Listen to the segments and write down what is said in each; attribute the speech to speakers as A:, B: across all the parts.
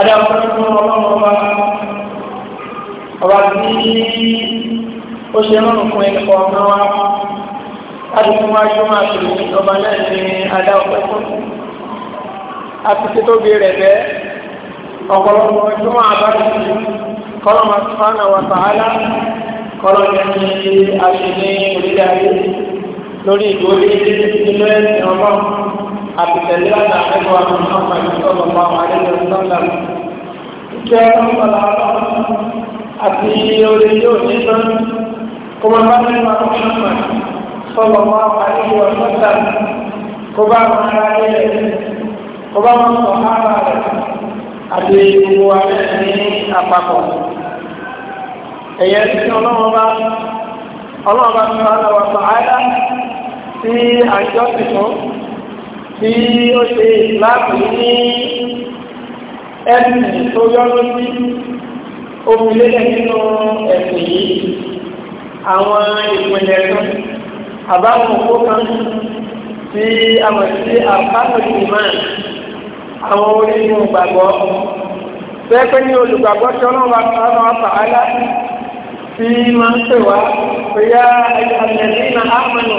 A: adáwọ̀n fún ọlọ́run ọba ọba tí ó ṣe rọrùn fún ẹni kọ ọmọ wa láti fún wa ṣọ́ máa ṣòro ọba náà ní adáwọ̀n fún àti tí tó bí rẹ̀ bẹ́ ọ̀pọ̀lọpọ̀ ọjọ́ máa bá ti ṣe kọ́lọ́ máa tún fánà wà sàálà kọ́lọ́ ní ṣe àṣẹ ní orílẹ̀ ayé lórí ìgbòho ilé ìlú ẹ̀sìn ọlọ́run akitembeleana pepo wa Muhammad sallallahu alaihi wasallam ikiaaaaa atiyoleyonia kumamane wa Muhammad sallallahu alaihi wasallam kubamaaye kubamasohaba atiuwane ní àpapọ̀ ẹ̀yẹ tí ọlọ́run bá ọlọ́run bá sọ àwọn àwọn àbáyá sí àjọ tuntun tí ó ṣe ìsìláàmù ní ẹ̀sìn tó yọ́nú sí omílẹ̀ nínú ẹ̀sìn yìí àwọn ìpínlẹ̀ kan àbáwọn òkú kan tí a mọ̀ sí àbámọ̀tì máa àwọn onígun gbàgbọ́ pẹ́pẹ́ ní olùgbàgbọ́ tí ọlọ́run bá fà á fàálà tí máa ń pè wá pé yá ẹ̀yà ẹ̀mí náà á mọ̀nà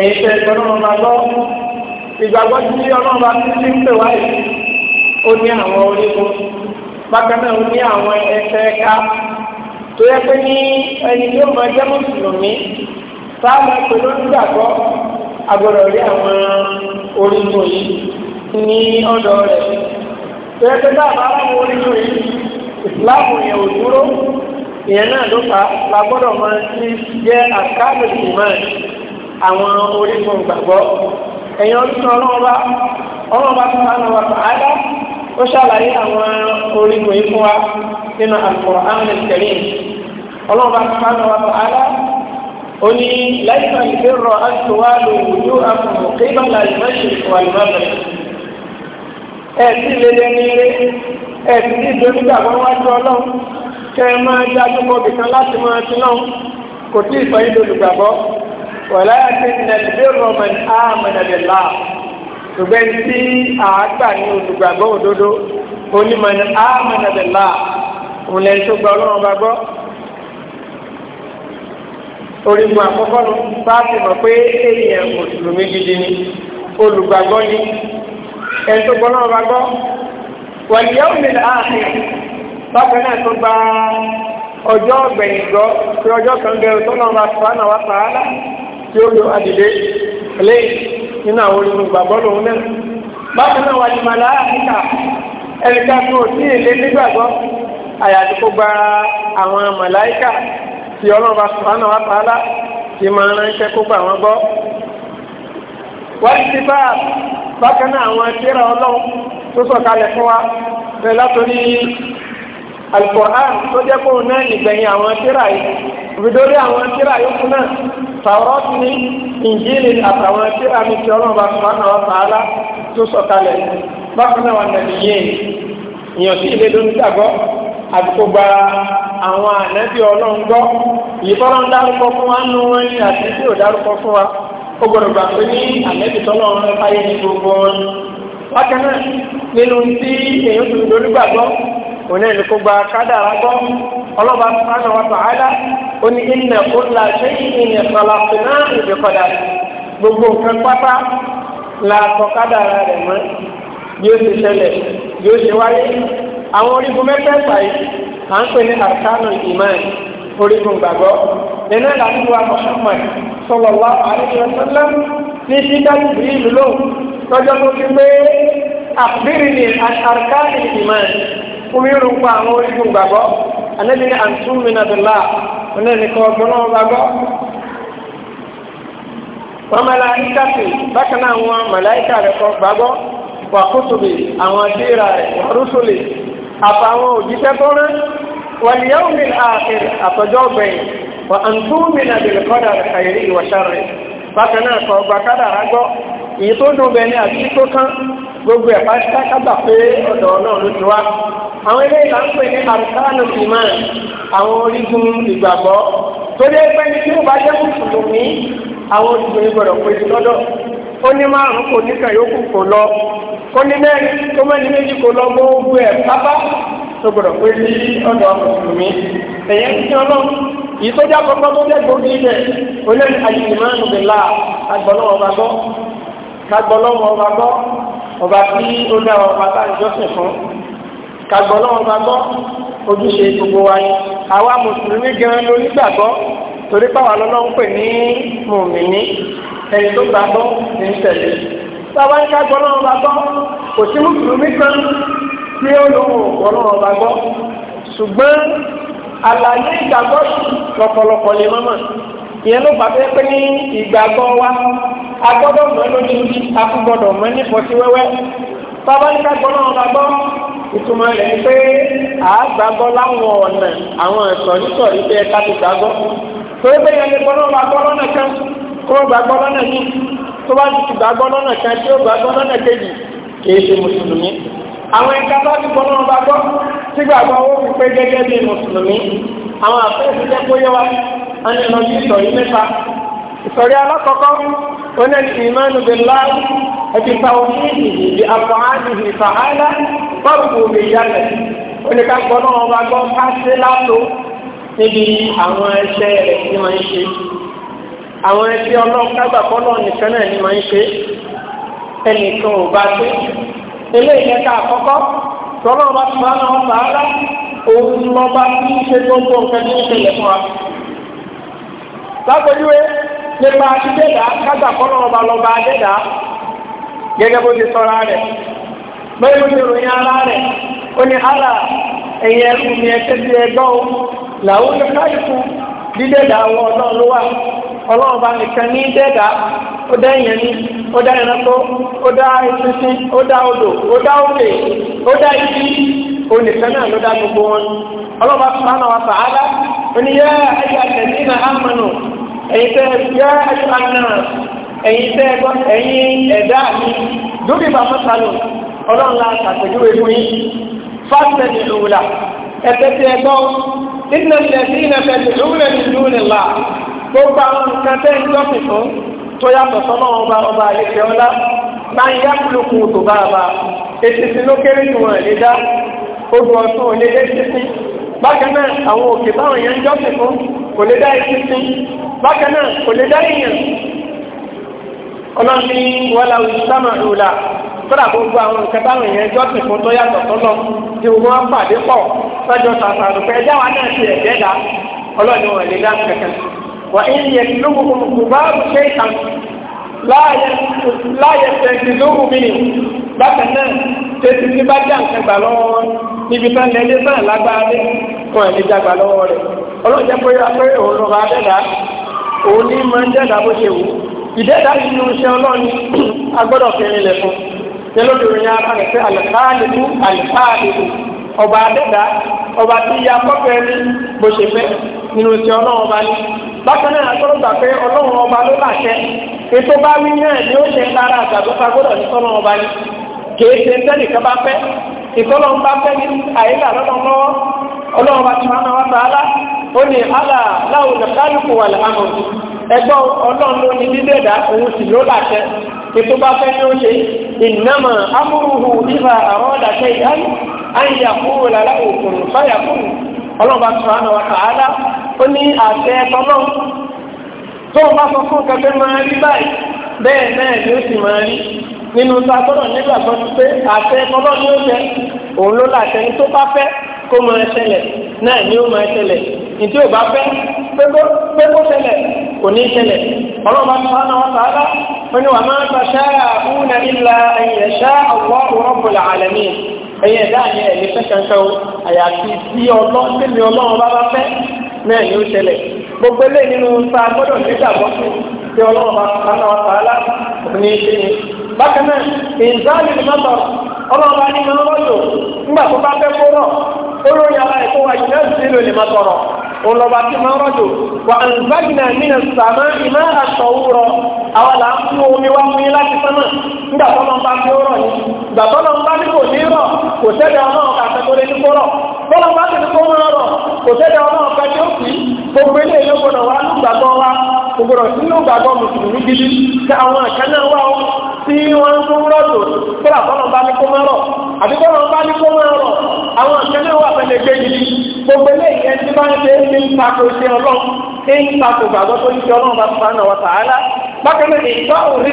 A: ẹ̀yìn tẹ̀ ìgbàgbọ́ tí ọlọ́run bá ti ń pè wáyé ó ní àwọn orígun bákan náà ó ní àwọn ẹsẹ̀ ẹ̀ka tó yẹ pé ní ẹni tí ó máa jẹ́ mùsùlùmí sáàmù pẹ̀lú ìgbàgbọ́ agbọ́dọ̀ rí àwọn orígun yìí ní ọ̀dọ̀ rẹ̀ tó yẹ pé dáàbà àwọn orígun yìí ìsìláàmù yẹn ò dúró ìyẹn náà ló fà á la gbọ́dọ̀ máa ti jẹ́ àkáàbò ìmọ̀ àwọn orígun ìgbàgbọ́. ẹ̀yìn ọdún ọlọ́ọ̀bá ọlọ́ọ̀bá tó bá náà ó ṣàlàyé àwọn orígun yìí wa nínú Al-Qur'an Al-Karim bá náà wà tó àdá ó ní láìpẹ́ ìgbéró àtúwálò ojú àkùnkùn ìdókítà wọn máa dájú láti máa ti walakinna albirra man amana billah ṣùgbọ́n tí àágbà ní olùgbàgbọ́ òdodo onímọ̀ ní amana billah òun lẹ́yìn tó gba ọlọ́run bá gbọ́ orígun àkọ́kọ́ ló bá ti mọ̀ pé èèyàn mùsùlùmí gidi ni olùgbàgbọ́ ni ẹni tó gbọ́ náà bá gbọ́ wàlíyá òmìnira ààfin bákan náà tó gba ọjọ́ ọ̀gbẹ̀yìn gbọ́ pé ọjọ́ kan bẹ̀rù tó náà bá fà tí ó yọ adìde lẹ́yìn nínú àwọn olùgbàgbọ́ lòun náà bákan náà wà ní màláíkà ẹnìkan tó o tí èlé nígbàgbọ́ àyàtí kó gba àwọn màláíkà tí ọlọ́run bá sùpánà wá pàálà tí máa ránṣẹ́ kó gba àwọn gbọ́. wọ́n ti bá bákan náà àwọn tírà ọlọ́run tó sọ̀kalẹ̀ fún wa bẹ́ẹ̀ látòrí Al-Qur'an tó jẹ́ kó náà nìgbẹ̀yìn àwọn tírà yìí òbí dórí àwọn tírà yòókù náà tàwọ́rọ́tì ní ìjìnlẹ̀ àtàwọn tí a ní tí ọlọ́run bá tún bá náà sàálà tó sọ̀kalẹ̀ bákan náà wà nàbí yé èèyàn sí ilé lónìí gbàgbọ́ àdúgbò gba àwọn ànábì ọlọ́run gbọ́ ìfọ́lọ́ ń dárúkọ fún wa nù wọn ní àti tí ò dárúkọ fún wa ó gbọdọ̀ gbà pé ní ànábì tọ́lọ́run ń fáyé ní gbogbo wọn. bákan náà nínú tí èèyàn tó lórí gbàgbọ́ òun náà ní kó gba kádàrá gbọ́ ọlọ́ba sọ́nà wa tààlà ó ní ilẹ̀ ó la ṣe ìyẹn sọ̀làfínà ìdíkọ̀dà gbogbo nǹkan pátá la kọ̀kadà rẹ̀ mọ́ yóò ṣe ṣẹlẹ̀ yóò ṣe wáyé àwọn orígun mẹ́fẹ̀ẹ̀fà yìí à ń pè ní àrkánù ìmáà orígun gbàgbọ́ nínú ìlànà Muhammad sallallahu alaihi wasallam ní ṣídájú bíi ìlú lóhùn lọ́jọ́ tó ti pé àbírí ni àrkánù ìmáà fún mi rúpa àwọn orígun gbàgbọ́ anabi ni antumina bila ọ̀nà nìkan ọgbọ́n náà bá gbọ́. wọ́n màláíkà sí bákan náà wọn màláíkà rẹ̀ kọ́ bá gbọ́ wà kútùbì àwọn adéra rẹ̀ wà rúṣùlì àfàwọn òjíṣẹ́ tó rán wal yawmil akhir àtọ́jọ́ ọ̀gbẹ̀yìn wà antumina bil qadar khairi wa sharri bákan náà kan ọgbà kádàrá gbọ́ èyí tó dùn bẹ́ẹ̀ ni àti tó kán gbogbo ẹ̀ pátá kábà pé ọ̀dọ̀ náà ló ti wá àwọn ilé ìlà ń pè ní àrùkánù ìmán àwọn orígun ìgbàgbọ́ tó dé pé ní tí ó bá jẹ́ mùsùlùmí àwọn olùgbé gbọ́dọ̀ pé sí lọ́dọ̀ ó ní márùn kò ní kàn yókù kò lọ ó ní mẹ́rin tó mẹ́rin méjì kò lọ gbogbo ẹ̀ pápá tó gbọdọ̀ pé sí ọ̀dọ̀ mùsùlùmí ẹ̀yẹ́ ń tí ọlọ́run yìí tó jábọ̀ gbọ́ tó dẹ́gbò ní ilẹ̀ olórí àyìnbímánu bìlá agbọ̀lọ́wọ́ ọba gbọ́ kagbọ̀lọ́wọ́ ọba gbọ́ ọba tí ó dá ọba tá ìjọsìn fún kagbọ̀lọ́wọ́ ọba gbọ́ ojúṣe gbogbo wa yìí àwa mùsùlùmí gan ló nígbàgbọ́ torí pàwọn ọlọ́run pè ní mùmìnì ẹni tó gbàgbọ́ ní tẹ̀lé bàbá ń kagbọ̀lọ́wọ́ ọba gbọ́ kò sí mùsùlùmí kan tí ó lóhùn ọlọ́run ọba gbọ́ ṣùgbọ́n àlàyé ìgbàgbọ́ lọ́pọ̀lọpọ̀ lè mọ́mọ́ ìyẹn ló bá fẹ́ pé ní ìgbàgbọ́ wa a gbọ́dọ̀ lójú a kò gbọ́dọ̀ mọ̀ ní fọ́sí wẹ́wẹ́ bàbá ní ká gbọ́dọ̀ ọba gbọ́ ìtumọ̀ rẹ̀ ni pé à á gbàgbọ́ láwọn ọ̀nà àwọn ẹ̀sọ́ nítorí pé ẹ̀ka ti gbàgbọ́ torí pé ìyẹn lè gbọ́dọ̀ ọba gbọ́ lọ́nà kan kó o gbàgbọ́ lọ́nà yìí tó bá ti gbàgbọ́ lọ́nà kan tí ó gbàgbọ́ lọ́nà kejì kì í ṣe mùsùlùmí àwọn ẹ̀ka tó ti gbọ́ náà bá gbọ́ sígbàgbọ́ owó fi pé gẹ́gẹ́ bí mùsùlùmí àwọn àfẹ́sí jẹ́ kó yé wa wọ́n ní lọ sí ìsọ̀rí mẹ́ta ìsọ̀rí alákọ̀ọ́kọ́ wọ́n ní ìmánu billahi ẹ̀fí tàwọ̀fíìdì ìdí àfọ̀hánìhì fàhálà bọ́ọ̀bù òbí yálẹ̀ wọ́n ní ká gbọ́ náà bá gbọ́ ká sí látó níbi àwọn ẹ̀ṣẹ̀ rẹ̀ ní wọ́n ń ṣe àwọn ẹ̀ṣẹ̀ ọlọ́ọ̀kágbàkọ́ náà nìkan náà ní wọ́n ń ṣe ẹnìkan ò bá gbé eléyìí lẹ́ka àkọ́kọ́ tọ́lọ́ ọba tó máa ń lọ sàárà òun lọ́ba tí ń ṣe gbogbo nǹkan ní ìṣẹ̀lẹ̀ fún wa. lápẹjúwe nípa àtijọ́dá kájà kọ́lọ́ ọba lọ́ba gẹ́gẹ́ bó ti rẹ̀ ara rẹ̀ ó ní ara ẹ̀yẹ ẹ̀kẹ́ ẹgbọ́ làwọn ní káyìkú ọlọ́run ló wà ọlọ́run bá nìkan ní ó dá ẹranko ó dá eṣinṣin ó dá odò ó dá òkè ó dá ibi onìkan náà ló dá gbogbo wọn ọlọ́ba sùpánà wa sàádá oníyẹ ayé àtẹ̀sí náà àmọ́nù ẹ̀yin tẹ́ yẹ ayé àná ẹ̀yin tẹ́ ẹ̀yin ẹ̀dá mi dúbí bàbá sálò ọlọ́run la ṣàpèjúwe fún yín fásitì ìlúwìlà ẹ̀tẹ́ tí ẹ gbọ́ nínú ẹ̀sìn ìlú rẹ̀ nílùú rẹ̀ là gbogbo àwọn nǹkan tẹ́ ń jọ́ fìfún tó yàtọ̀ sọ́nà ọba ọba àlejò ọlá máa ń yá kúlùkù tó bá a bá ètìsí ló kéré jù wọn lè dá odò ọ̀tún ò lè dé títí bákan náà àwọn òkè báwọn èèyàn ń jọ́sìn fún kò lè dá ètìsí bákan náà kò lè dá èèyàn ọlọ́ni wọlá ìsámà ìrùlà tọ́lá gbogbo àwọn nǹkan táwọn èèyàn jọ́sìn fún tó yàtọ̀ tí wọ́n pàdé pọ̀ sọ́jọ́ tàtàrùpẹ́ ẹjá náà ti ẹ̀jẹ̀ dá ọlọ́ni wọn lè dá kankan وإن يسلبهم الذباب شيئا لا لا يستنزلوه منه bákan náà tètè tí bá já nǹkan gbà lọ́wọ́ wọn níbi tán lẹ́lé náà lágbára dé fún ẹ̀mí já gbà lọ́wọ́ rẹ̀ ọlọ́jà pé pé òun lọ́ba dẹ́dà òun ní máa ń dẹ́dà bó ṣe wù ìdẹ́dà yìí ló ń ṣe ọlọ́ni agbọ́dọ̀ kẹrin lẹ̀ fún ṣe lóde ìròyìn ara rẹ̀ pé àlùkáàlìkú àlùkáàlìkú ọba dẹ́dà ọba tí ya kọ́kẹ́ ní bó ṣe fẹ́ nínú ti ọlọ́run ọba ní bákan náà agbọ́dọ̀ gbà pé ọlọ́run ọba ló láṣẹ ètò bá wí náà ni ó ṣe lára àgbàgbọ́ta gbọ́dọ̀ ní sọ́nà ọba ni kìí ṣe ń tẹ́lẹ̀ kan bá fẹ́ ìtọ́lọ́ ń bá fẹ́ ní àyíká lọ́dọ̀ lọ́wọ́ ọlọ́run bá ti máa náà wá sàálà ó ní àlà láwọn olùkálùkù wà láàmú ẹgbọ́ ọlọ́run ló ní nílé ẹ̀dá òun sì ló láṣẹ ètò bá fẹ́ ní ó ṣe ìnámà amúrúhù ìfà àwọn ọ̀dàṣẹ ìdáhùn àyàkúrò làlá òkùnrin fáyàkùnrin ọlọ́run bá sọ̀rọ̀ àná wa tààlà ó ní àṣẹ tọ́lọ́ tó o bá sọ fún kẹfẹ́ máa rí báyìí bẹ́ẹ̀ náà ni ó sì máa rí nínú ta gbọ́dọ̀ nígbà tó ti pé àṣẹ tọ́lọ́ ni ó jẹ òun ló láṣẹ ní tó bá fẹ́ kó máa ṣẹlẹ̀ náà ni ó máa ṣẹlẹ̀ ìdí ò bá fẹ́ pé kó ṣẹlẹ̀ kò ní ṣẹlẹ̀ ọlọ́run sọ̀rọ̀ àná wa tààlà ó ní wàá máa gbà ṣáà ẹ̀yẹ ẹ̀dá yẹn ẹ̀yẹ fẹ́ kankan o àyàfi tí ọlọ́run tẹ̀lé ọlọ́run bá bá fẹ́ náà ni ó ṣẹlẹ̀ gbogbo eléyìí nínú sa gbọ́dọ̀ nígbàgbọ́ tí ọlọ́run bá kánà wà sàálà ní ṣe ni. bákan náà ìzáàlì ni mọ́tò ọlọ́run bá ní mọ́ ọlọ́ba tí máa ń rọ́jò wà àǹfààní àmìnà sàmá ìmá àṣọwúrọ àwọn là ń fún omi wá fún yín láti sánmà nígbà tó lọ ń bá fi rọ̀ yìí ìgbà tó lọ ń bá ní kò ní rọ̀ kò sẹ́dẹ̀ ọmọ ọ̀ka àtẹ́kọ̀rẹ́ ní kó rọ̀ tó lọ bá ti ní kó rọ̀ rọ̀ kò sẹ́dẹ̀ ọmọ ọ̀ka tí ó fi gbogbo ilé ìlú gbọdọ̀ wá nígbàgbọ́ wa gbogbo sínú gbàgbọ́ mùsùlùmí gidi tí àwọn àkànná wà ó tí wọ́n ń fún rọ̀jò tó là tó lọ bá ní kó máa rọ̀ àti tó lọ bá ní kó máa rọ̀ àwọn àkànná wà fẹ́lẹ̀ gbé gidi gbogbo ilé ìyẹn ti máa ń ṣe ti ń tako iṣẹ́ ọlọ́run tí ń tako gbàgbọ́ tó iṣẹ́ ọlọ́run bá fún àná wọ̀tá àlá bákan náà ìgbà òrí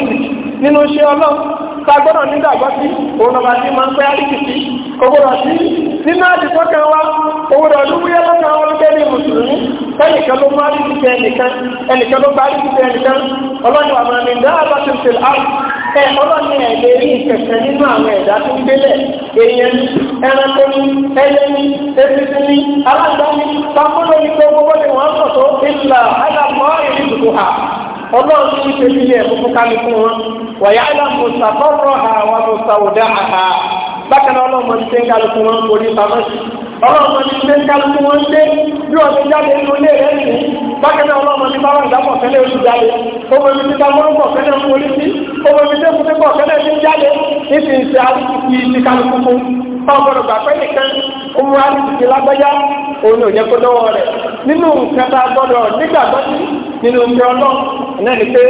A: nínú iṣẹ́ ọlọ́run tá a gbọ́dọ̀ nígbàgbọ́ sí òun ọba tí máa ń pẹ́ àríkì sí owó rọ̀ sí nínú àdìsọ́ kan wá owó rọ̀ lúwúyẹ́ lọ́kàn wọn lókè ní mùsùlùmí ẹnìkan ló mú àríkì sí ẹnìkan ẹnìkan ló gba àríkì sí ẹnìkan ọlọ́run àmọ́ mi ń dá àbá tuntun àrùn ẹ ọlọ́ni ẹ̀ lè rí ìkẹ̀kẹ́ nínú àwọn ẹ̀dá tó ń gbélẹ̀ èèyàn ní ẹranko ní ẹyẹ ní efirin ọlọ́run ní ilé kálukú wọn dé bí wọ́n ti jáde nínú ilé rẹ̀ nìyí bákẹ́lẹ́ ọlọ́run ní báwọn ìdábọ̀ fẹ́lẹ́ oṣù jáde owó ibi títa wọ́n ń bọ̀ fẹ́lẹ́ ń wọlé sí owó ibi tó kúté bọ̀ fẹ́lẹ́ ti jáde ìsì ìsì àti ìsì kálukú fún báwọn gbọdọ̀ gbà pé nìkan owó alùpùpù lágbájá òun ò yẹ kó dọ́wọ́ rẹ̀ nínú kẹta gbọdọ̀ nígbàgbọ́ sí nínú omi ọlọ́ náà ni pé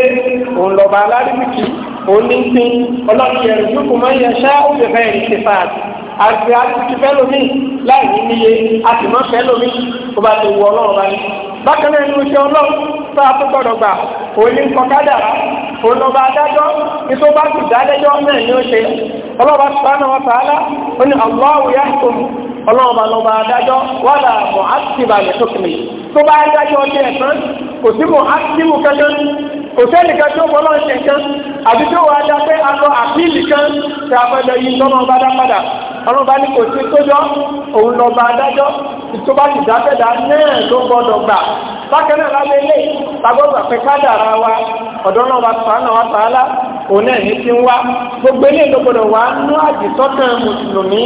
A: òun lọ́ba alárìbìkì òun ní ń pín ọlọ́run yẹn ìdúkùn máa ń yẹ ṣáà ó lè fẹ́ ìrìnsè fáàtì àgbẹ̀ àtúntì fẹ́lómi láì ní níye àtìmọ́ fẹ́lómi kó bá ti wọ ọlọ́run bá ní. bákan náà inú iṣẹ́ ọlọ́run tó a tó gbọ́dọ̀ gbà òní ń kọ kádàrá òun ọba adájọ́ ní tó bá ti dálẹ́jọ́ náà ni ó ṣe ọlọ́ba subhanahu wa ta'ala ó ní Allahu yahkum ọlọ́ọ̀bá lọ́ba adájọ́ wàdà mọ̀ ákìtìbà lè tókìlì tó bá adájọ́ ọdún ẹ̀sán kò sí mọ̀ ákìtìbù kankan kò sẹ́ni kan tó bọ́ lọ́ọ̀ṣẹ̀ kan àbí tó wà á kan tí a fẹ́ lọ yí lọ́nà ọba dá padà bá ní kò sí tójọ́ òun lọ́ba adájọ́ ti ìdáfẹ́dá náà tó gbọ́dọ̀ gbà lábẹ́ ilé tagbọ́gbà pé wa ọ̀dọ́ náà wa sàánà wa sàálà òun náà ní ti ń wá gbogbo ilé ló wá nú mùsùlùmí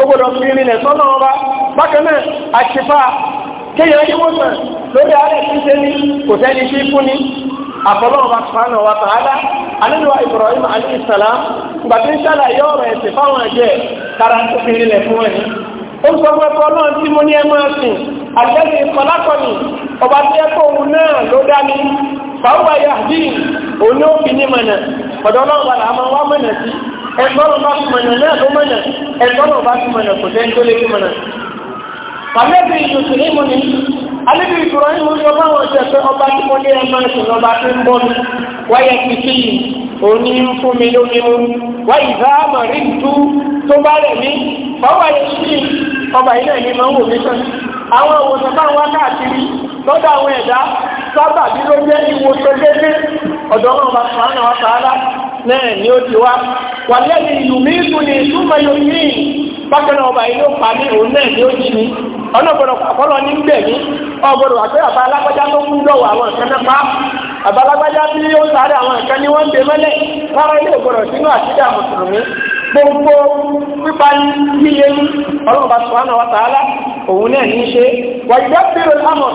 A: ó fi sọ́nà wa àṣìfà yíwọ́sàn lórí ṣe àfọlọ́wọ́ bá sùpánù wa tààlà alẹ́nuwa Ibrahim alayhi salam gbàtí ń ṣàlàyé ọ̀rọ̀ ẹ̀sìn fáwọn ẹ̀jẹ̀ kára tó fi rí lẹ̀ fún ẹ̀ ó sọ pé fọlọ́ tí mo ní ẹ máa sìn àtẹ́lẹ̀ ìfọlákọ̀nì ọba tí ẹ kó òun náà ló dá ní fàáwà yàdí òun ló fi ní mọ̀nà ọ̀dọ́ ọlọ́wọ́ là máa wá mọ̀nà sí ẹ̀gbọ́n bá fi mọ̀nà náà ló mọ̀nà ẹ̀gbọ́n bá fi mọ̀nà kò tẹ́ ń tó lé fi mọ̀nà alẹ́bí ìtura yìí wọ́n yọ báwọn ọ̀sẹ̀ pé ọba tí mo ní ẹ máa sùn lọ́ba tí ń bọ́ mi wáyé ti fi òní ń fún mi lómi mú wáyé ìhá màrí ìtú tó bá rẹ̀ mí ọba yẹn sí ọba yìí náà ní máa ń wò mí sàn àwọn òwòsàn táwọn wá káàkiri lọ́dọ̀ àwọn ẹ̀dá sábà bí ló jẹ́ ìwòsàn dédé ọ̀dọ̀ náà bá sàn án wá sàárà náà ni ó ti wá wà lẹ́yìn ìlú mi ìtúni ìtúmọ̀ yóò yí bákan náà ọba yìí ló pa ní òun náà ni ó jí mi ọlọ́gbọ́dọ̀ kọ́lọ́ ní gbẹ̀mí ọgbọ́dọ̀ àti àbá alágbájá tó kú lọ́wọ́ àwọn nǹkan náà pa àbá alágbájá tí ó sáré àwọn nǹkan ni wọ́n ń gbé mẹ́lẹ̀ rárá ilé ògbọ́dọ̀ sínú àtijọ́ mùsùlùmí gbogbo pípa yíyẹ ní ọlọ́run bá sọ̀rọ̀ àwọn wàtàlá òun náà ní í ṣe wàyíbẹ́ pẹ̀lú àmọ̀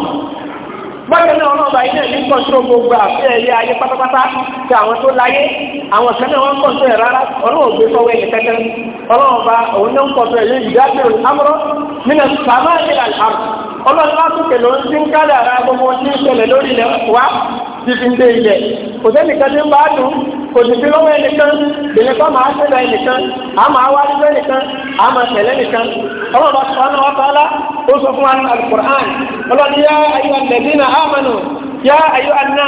A: bákan náà wọn bá ilé ní kọ́ńtò gbogbo àfẹ́ ẹ̀yẹ ayé pátápátá ti àwọn tó láyé àwọn kan náà wọn kọ́ńtò ẹ̀ rárá ọlọ́wọ́ gbé sọ́wọ́ ẹ̀yẹ kẹ́kẹ́ ọlọ́wọ́ òun náà ń kọ́ńtò ẹ̀yẹ ìdájọ́ amúrọ́ nínú sàmáà àlùfáà ọlọ́run bá tún kèlò ń dín kálẹ̀ ara gbogbo ní ìṣẹ̀lẹ̀ lórí ilẹ̀ wá ti fi ń dé ilẹ̀ kò sẹ́nìkan ní ń bá dùn kò sì fi lọ́wọ́ ẹnìkan bẹ̀rẹ̀ fún àmà àṣẹlẹ̀ ẹnìkan àmà àwárígbé ẹnìkan àmà tẹ̀lẹ́ ẹnìkan ọlọ́run bá sọ ọ́nà wàtá ọlá ó sọ fún wa ní alukur'an ọlọ́run yá ayé alẹ́bí na amanu yá ayé aná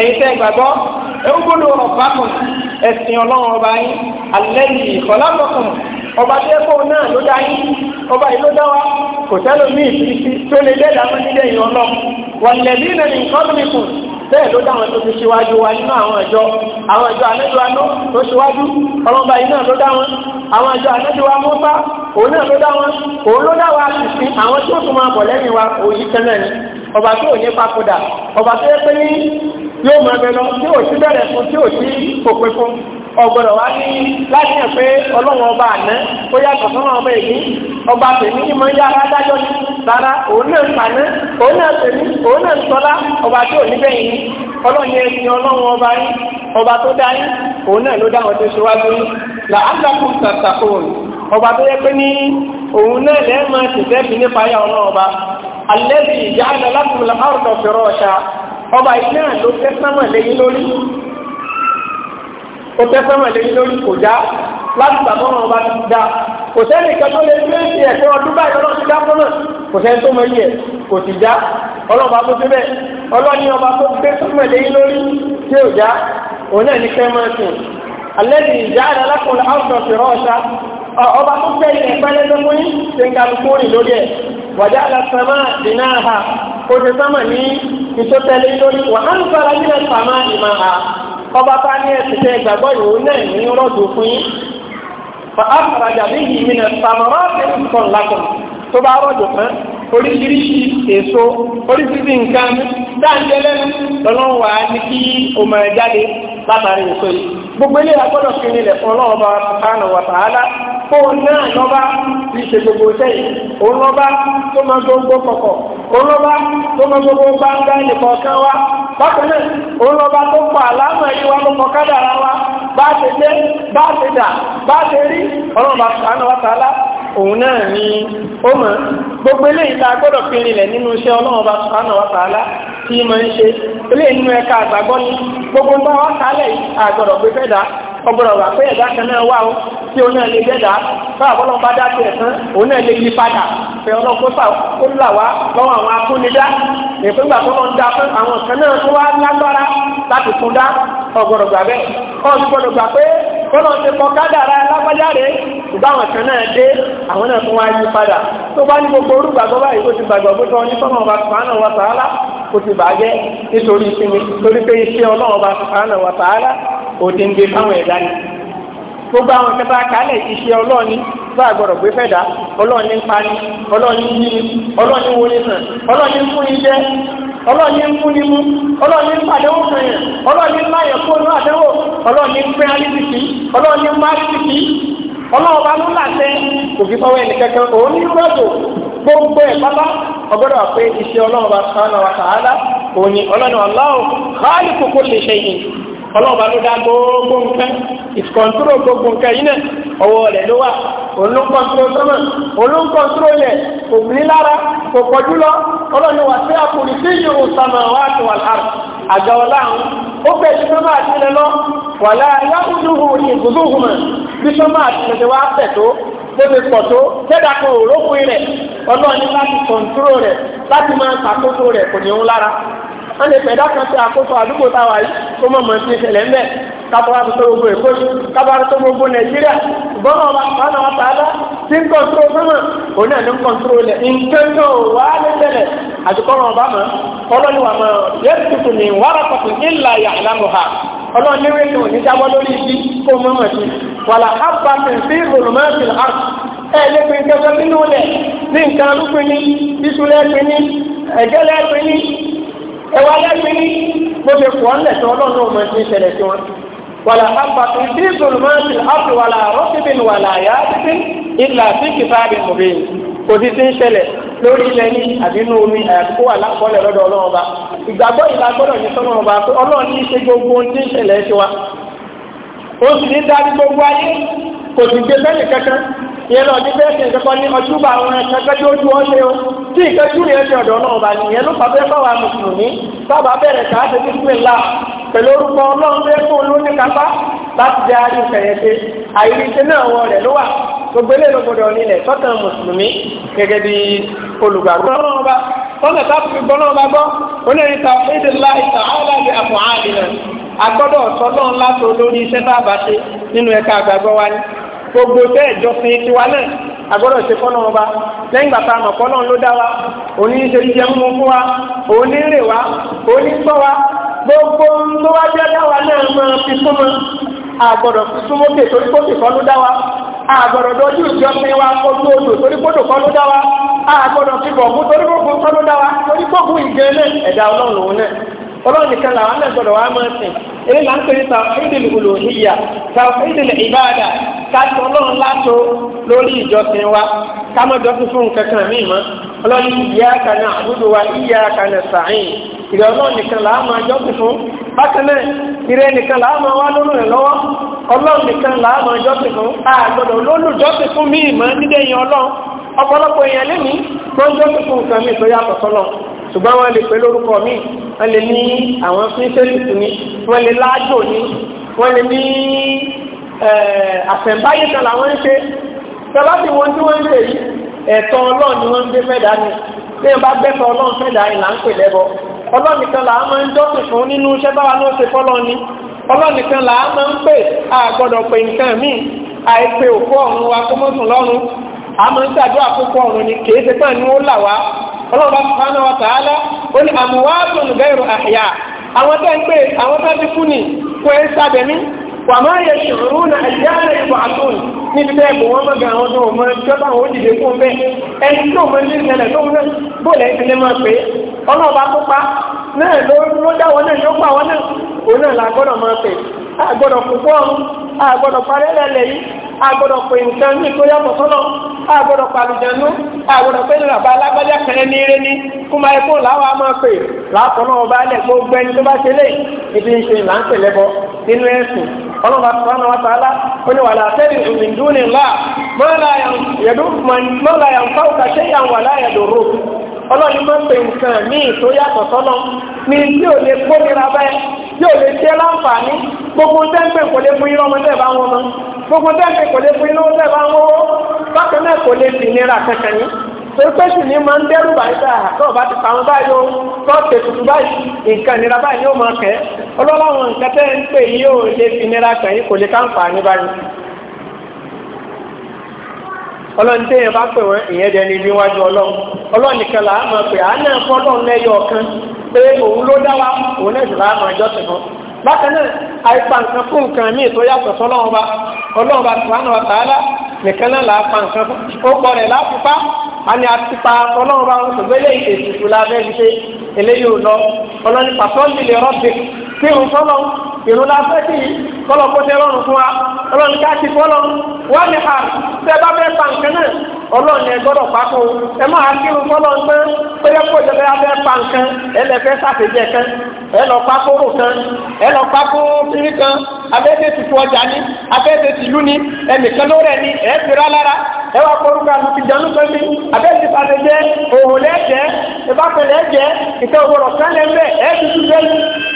A: ẹ̀yin tẹ́ gbàgbọ́ ewúgbọ́dọ̀ ọ̀rọ̀ bákan ẹ̀sìn ọlọ́run ọba yín alẹ́yìn ìkọlábọ̀kan ọba tẹ́ kó náà ló dá yín ọba yìí ló dá wa kò sẹ́lómi ìfisi tó lè dẹ́ làwọn nílẹ̀ yìí ọlọ́run wàlẹ́bí náà ní nǹkan lómi bẹ́ẹ̀ ló dáwọn tó ti ṣíwájú wa nínú àwọn ẹ̀jọ́ àwọn ẹ̀jọ́ anẹ́jọ́anú tó ṣíwájú ọlọ́mọba iná ló dáwọn àwọn ẹ̀jọ́ anẹ́jọ́wa mọ́fá òun náà ló dáwọn òun ló dáwà sí àwọn tó tún máa bọ̀ lẹ́yìn wa òyí tẹ́lẹ̀ ni ọba tó ò ní papòdà ọba tó yẹ pé ní yóò mọ ẹgbẹ́ lọ tí ò sí bẹ̀rẹ̀ fún tí ò sí òpin fún ọgbọ̀dọ̀ wá ní láti yàn pé ọlọ́wọ́n ọba àná ó yàtọ̀ sọ́nà ọba èyí ọba tèmi ní mọ yára dájọ́ ní sara òun náà paná òun náà tèmi òun náà sọlá ọba tí ò ní bẹ́yìn ni ọlọ́run yẹn ti ọlọ́run ọba yín ọba tó dá yín òun náà ló dá wọn tó ṣíwájú yín là ágbàkú tàtà òun ọba tó yẹ pé ní òun náà lẹ́ẹ̀ máa tẹ̀sẹ̀ fi nípa ayé ọlọ́run ọba alẹ́ sì ìjà àná láti mú lọ́kàrọ̀tọ̀ fẹ́rọ̀ ọ̀ṣà ọba yìí náà ló tẹ́ sánmà lẹ́yìn lórí ó tẹ́ sánmà lẹ́yìn lórí kò já láti tàbọ̀ràn ọba ti dá kò sẹ́ni kan tó lè ọ sí ẹ̀kọ́ ọdún báyìí na ti dá fún náà kò sẹ́ni tó mọ iye kò sì já ọlọ́ba tó ti bẹ́ẹ̀ ọlọ́ni ọba tó gbé súnmọ̀ lẹ́yìn lórí tí ò já òun náà ní kẹ́ máa sùn alẹ́ ní ìjà rẹ̀ lákùnrin áwùjọ fìrọ̀ ọ̀ṣà ọba tó gbé ilẹ̀ pẹ́lẹ́ tó fún yín ṣe ń ga lukú rìn lórí ẹ̀ wàjá alásàmà dínà ha kò ti sámà ní ìtòtẹ́lẹ́ lórí wàhánù fara nílẹ̀ sàmà fa afaraja bí yìí mi nà samara ẹni kàn lakùn tó bá rọ̀jò kan oríṣiríṣi èso oríṣiríṣi nǹkan dáńjẹ lẹ́nu lọ́lọ́run wà á ní kí o máa jáde látàrí èso yìí gbogbo ilé agbọ́dọ̀ fi nílẹ̀ fún ọlọ́run bá sàánà wà kó o náà lọ́ba fi ṣe gbogbo sẹ́yìn òun lọ́ba tó máa gbogbo kọ̀kọ̀ olóba tó mọ gbogbo bá ń dá ẹnìkan kan wá bákan náà olóba tó pọ àlámọ̀ ẹni wa lọ́pọ̀ kádàrá wa bá ṣe dé bá ṣe dà bá ṣe rí ọlọ́ba àánú wa tààlà òun náà ni ó mọ̀ gbogbo eléyìí tá a gbọ́dọ̀ fi rinlẹ̀ nínú iṣẹ́ ọlọ́run bá sùpánà wa tààlà tí mo ń ṣe eléyìí nínú ẹ̀ka àgbàgbọ́ ni gbogbo ń bá wa kálẹ̀ àgbọ̀dọ̀ pé fẹ́ dà ọgbọ́dọ̀ wà pé ẹ̀dá kan náà wà ó tí ó náà lè yẹ̀dá báwa bọ́lọ́ bá dá tiẹ̀ tán òun náà lè yí padà pé ọlọ́kọ́sà ó là wá lọ́wọ́ àwọn akúnidá ìpínlẹ̀ àkọ́kọ́ ń da fún àwọn kan náà tó wá lágbára láti tún dá ọgbọ́dọ̀ gbà bẹ́ẹ̀ kọ́nà ti kọ kádàrá lágbájáre ìbáwọn kan náà dé àwọn náà tún wá yí padà tó bá ní gbogbo orúgbàgbọ́ báyìí ó ti gbàgbọ́ bó tọ́ ní sọ́nà ọba sùpánà wa tààlà ó ti bàjẹ́ nítorí ìsinmi torí pé iṣẹ́ ọba wa ò ti ń gbé fáwọn ẹ̀dá ni gbogbo àwọn kẹta kálẹ̀ iṣẹ́ bá gbé ń yí ọlọ́run ní pẹ́rẹ́lítìkì ọlọ́run ní máàlítìkì ọlọ́run bá ló làṣẹ kò fi fọwọ́ ẹni kankan òun ní rọ́dò gbogbo ẹ̀ pátá ọgbọ́dọ̀ wà pé iṣẹ́ ọlọ́run bá sàánà wà sàánà òun ni ọlọ́run ọlọ́run káàlì kókó lè ṣe yìí ọlọ́run bá ló dá gbogbo nǹkan ìkọ̀ntúrò gbogbo nǹkan yìí náà ọwọ́ rẹ̀ ló wà òun ló ń kọ̀ntúrò sọ́mọ̀ òun ló ń kọ̀ntúrò yẹ kò ní lára kò kọjú lọ ọlọ́run wà sí àkùrìsí yìí ò sàmà àga ọláhùn ó bẹ̀ sí sọ́mà àti ilẹ̀ lọ wàlá yákùnúhù ìbùdóhùmọ̀ bí sọ́mà àti ilẹ̀ wá pẹ̀ tó bó ti pọ̀ tó tẹ́dà kan òrókùn rẹ̀ ọlọ́run ní láti kọ̀ǹtúrò rẹ̀ láti máa ṣàkóso rẹ̀ kò ní ń lára wọ́n lè kábàárà tó tó gbogbo èkó kábàárà tó gbogbo nàìjíríà bọ́mọ̀ wa bọ́mọ̀ wa tààdá tí ń kọ̀ǹtró sọ́mọ̀ òun náà ní ń kọ̀ǹtró lẹ̀ nkẹ́ńtò wà á lè tẹ̀lẹ̀ àti kọ́mọ̀ ọba mọ̀ ọlọ́ni wà mọ̀ yẹ tutù ní wàrà kọ̀tù ńlá yà lámù ha ọlọ́ni wẹ̀ ní òní jábọ́ lórí ibi kó mọ̀ mọ̀ sí wàlà ábà tẹ̀ sí olùmọ̀ sí àrùn ẹ̀ lẹ́gbẹ̀ẹ́ ìjọba nínú lẹ̀ ní nǹkan alúpin ní iṣu lẹ́gbẹ̀ẹ́ gbogbo ẹ̀kọ́ ọ̀lẹ̀ tó ọlọ́run ọmọ ẹ̀sìn ìṣẹ̀lẹ̀ sí wọn. Wala àbàtì tí zolomasi àti wala rọ́kìbìn wàlà yàtìbìn ìlà sí kìtàbí mùbí kò sí sí ń ṣẹlẹ̀ lórí ilẹ̀ ní àbínú omi àyàtúkọ́ wà lápọ̀lẹ̀ lọ́dọ̀ ọlọ́run ọba ìgbàgbọ́ ìlà gbọ́dọ̀ ní sọ́nà ọba pé ọlọ́run ní í ṣe gbogbo ohun tí ń ṣẹlẹ̀ sí wa ó sì ní dárí gbogbo ayé kò sì gbé bẹ́ẹ̀ kankan ìyẹn lọ ní bẹ́ẹ̀ sì ń kẹ́kọ̀ọ́ ní ọdún bá àwọn ẹ̀kẹ́kẹ́ tó ju ọ́n lé o tí ìkẹ́jú yẹn ti ọ̀dọ̀ náà bá ní ìyẹn ló pàbẹ́ bá wa mùsùlùmí bàbá bẹ̀rẹ̀ ká ṣe bísí ńlá pẹ̀lú orúkọ ọlọ́run bẹ́ẹ̀ fún olú ní kápá láti jẹ́ àrí ìfẹ̀yẹ̀ṣe àìríṣẹ́ náà wọ rẹ̀ ló wà gbogbo eléyìí ló gbọdọ̀ nílẹ̀ sọ́tàn mùsùlùmí gẹ́gẹ́ bí olùgbàgbọ́ ọlọ́run gbogbo tẹ́ ìjọsìn tiwa náà agbọ́dọ̀ ṣe kọ́nà ọba lẹ́yìn bàtà àmọ̀ kọ́nà ló dá wa òní ṣe jíjẹ mú fún wa òní rè wa òní gbọ́ wa gbogbo tó wá jẹ́ dáwa náà máa fi súnmọ́ àgbọ̀dọ̀ fi súnmọ́ kè torí kókè kọ́ ló dá wa àgbọ̀dọ̀ dojú ìjọsìn wa ojú odò torí kódò kọ́ ló dá wa àgbọ̀dọ̀ fi bọ̀ fún torí kókò kọ́ ló dá wa torí kókò ìgẹ̀ náà ẹ̀dá ọlọ́run òun náà ọlọ́run nìkan làwọn náà gbọ́dọ̀ wá máa ele là ń pè ní tàwíìdìlì olùhìyà tàwíìdìlì ìbáàdà káàtó ọlọ́run láto lórí ìjọsìn wa kámọ́jọsìn fún kankan míì mọ́ ọlọ́run ìyá kaná àbúdò wa ìyá kaná sàáyìn ìrẹ̀ ọlọ́run nìkan là á máa jọ́sìn fún bákan náà ìrẹ̀ nìkan là á máa wá lórí rẹ̀ lọ́wọ́ ọlọ́run nìkan là á máa jọ́sìn fún àgbọ̀dọ̀ lólùjọ́sìn fún míì mọ́ nídẹ̀yìn ọlọ́run ọ̀pọ̀lọpọ̀ èèyàn lẹ́mìí tó ń jọ́sìn fún nǹkan míì tó yàtọ̀ ṣùgbọ́n wọ́n lè pè lórúkọ mi wọ́n lè ní àwọn fíńsẹ́lìtì ni wọ́n lè láàjò ni wọ́n lè ní àfẹ̀mbáyé kan làwọn ń ṣe tọ́lá tí wọ́n tí wọ́n ń ṣe yìí ẹ̀tọ́ ọlọ́run ni wọ́n ń gbé fẹ́dá ni bí wọ́n bá gbẹ́tọ̀ ọlọ́run fẹ́dá ni là ń pè lẹ́bọ ọlọ́run nìkan làá máa ń dọ́sìn fún nínú iṣẹ́ báwa ló ṣe fọ́lọ́ ni ọlọ́run nìkan máa ń pè á pé nǹkan míì àìpé òkú ọ̀run wa kó mọ́sùn lọ́run àmọ́ ń ṣàdúrà púpọ̀ ọ̀run ni kì ṣe pẹ́ ni ó là wá ọlọ́ọ̀bá fana wa tààlà ó ní àmúwáàtún gẹ́rù àhìyà àwọn tẹ́ ń pè àwọn tẹ́ ti kú ni kò ẹ́ sábẹ̀mí wà máa yẹ ṣòro na ẹ̀yà rẹ̀ ìbò àtún níbi tẹ́ ẹ̀bùn wọn mọ̀gà àwọn tó mọ ìjọba àwọn òdìdè fún bẹ́ẹ̀ ẹni tó mọ ní ìṣẹ̀lẹ̀ tó mọ bóòlù ẹ̀sìn ní máa pè é ọlọ́ọ̀bá pupa náà ló ló dá wọn náà ló pa wọn náà òun náà la gbọ́dọ̀ máa pè àgbọ́dọ̀ púpọ̀ àgbọ́dọ̀ parẹ́lẹ̀ lẹ́yìn àgbọ́dọ̀ pè nǹkan ní ìkóyà sọ́lọ́ àgbọ̀dọ̀ pàlùjẹ̀nu àgbọ̀dọ̀ pé ní bàbá alágbájá kẹrẹ ní eré ní kó máa kó làwọn a máa pè láàpọ̀ náà ọba alẹ̀ kó gbẹ́ni tó bá ṣe lé ibi ń ṣe là ń tẹ̀lé bọ nínú ẹ̀sìn ọlọ́ba sọ́nà wa sàlá ó ní wàlá àtẹ́rì ìrìndúnì ńlá mọ́lá yàn fáwọ́kà ṣé yàn wà láyà lòrò ọlọ́ni máa ń pè nǹkan míì tó yàtọ̀ sọ́nà ní tí ò lè kónira bẹ́ẹ̀ tí ò lè ṣe láǹfààní gbogbo tẹ́ńpẹ̀ kò lè fún irọ́ ọmọdé bá wọn mọ́ gbogbo tẹ́ńpẹ̀ kò lè fún irọ́ ọmọdé bá wọn wọ́ bákan náà kò lè fi ìnira kankan ní torípéṣù ní máa ń dẹ́rù báyìí tá àtọ́ ọba ti pàmò báyìí ó tọ́ tètùtù báyìí nǹkan ìnira báyìí ni ó máa kẹ́ ọlọ́láwọn nǹkan tẹ́ ń pè yí ó lè fi ìnira kàn yín kò lè káǹfà ní báyìí. ọlọ́run téèyàn bá pè wọ́n ìyẹn dẹni níwájú ọlọ́run ọlọ́run nìkan á máa pè á náà fọ́lọ́run lẹ́yọ̀ kan pé òun ló dá wa òun náà sì bákan náà àìpa nǹkan fún nǹkan míì tó yàtọ̀ sọ́lọ́wọ́n bá ọlọ́wọ́n bá tìwánà wà tààlà nìkan náà là á pa nǹkan fún ọ̀pọ̀ rẹ̀ láfipá àni àtipa ọlọ́wọ́n bá wọn tògbélé ètùtù lábẹ́ ṣe eléyìí ò lọ ọlọ́ni pàtọ́ọ̀lì lè rọ́ọ̀bì kí irun fọlọ́ irun láfẹ́ sí i fọlọ́ kó tẹ́ rọrùn fún wa ọlọ́ni ká ti fọlọ́ wọ́n ní ọlọ́run lẹ gbọ́dọ̀ pàtó ẹ máa kírun fọlọ́ ń tán péye kó ìjọba yà fẹ́ pa nǹkan ẹ lẹ fẹ́ sàfẹ́jẹ kan ẹ lọ pa kóró kan ẹ lọ pa kó kiri kan abẹ́tẹ̀ ti tu ọjà ni abẹ́tẹ̀ ti lú ni ẹnìkan ló rẹ̀ ni ẹ fira lára ẹ wá kórúkọ àlùkì jànú kan ni abẹ́tẹ̀ sàfẹ́jẹ òhò lẹ́ jẹ́ ìbáfẹ́ lẹ́ jẹ́ ìtẹ́ òwòrọ̀ kan lẹ́ mbẹ́ ẹ ti tu bẹ́ẹ̀